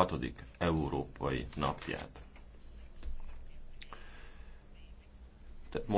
hatodik európai napját. Tehát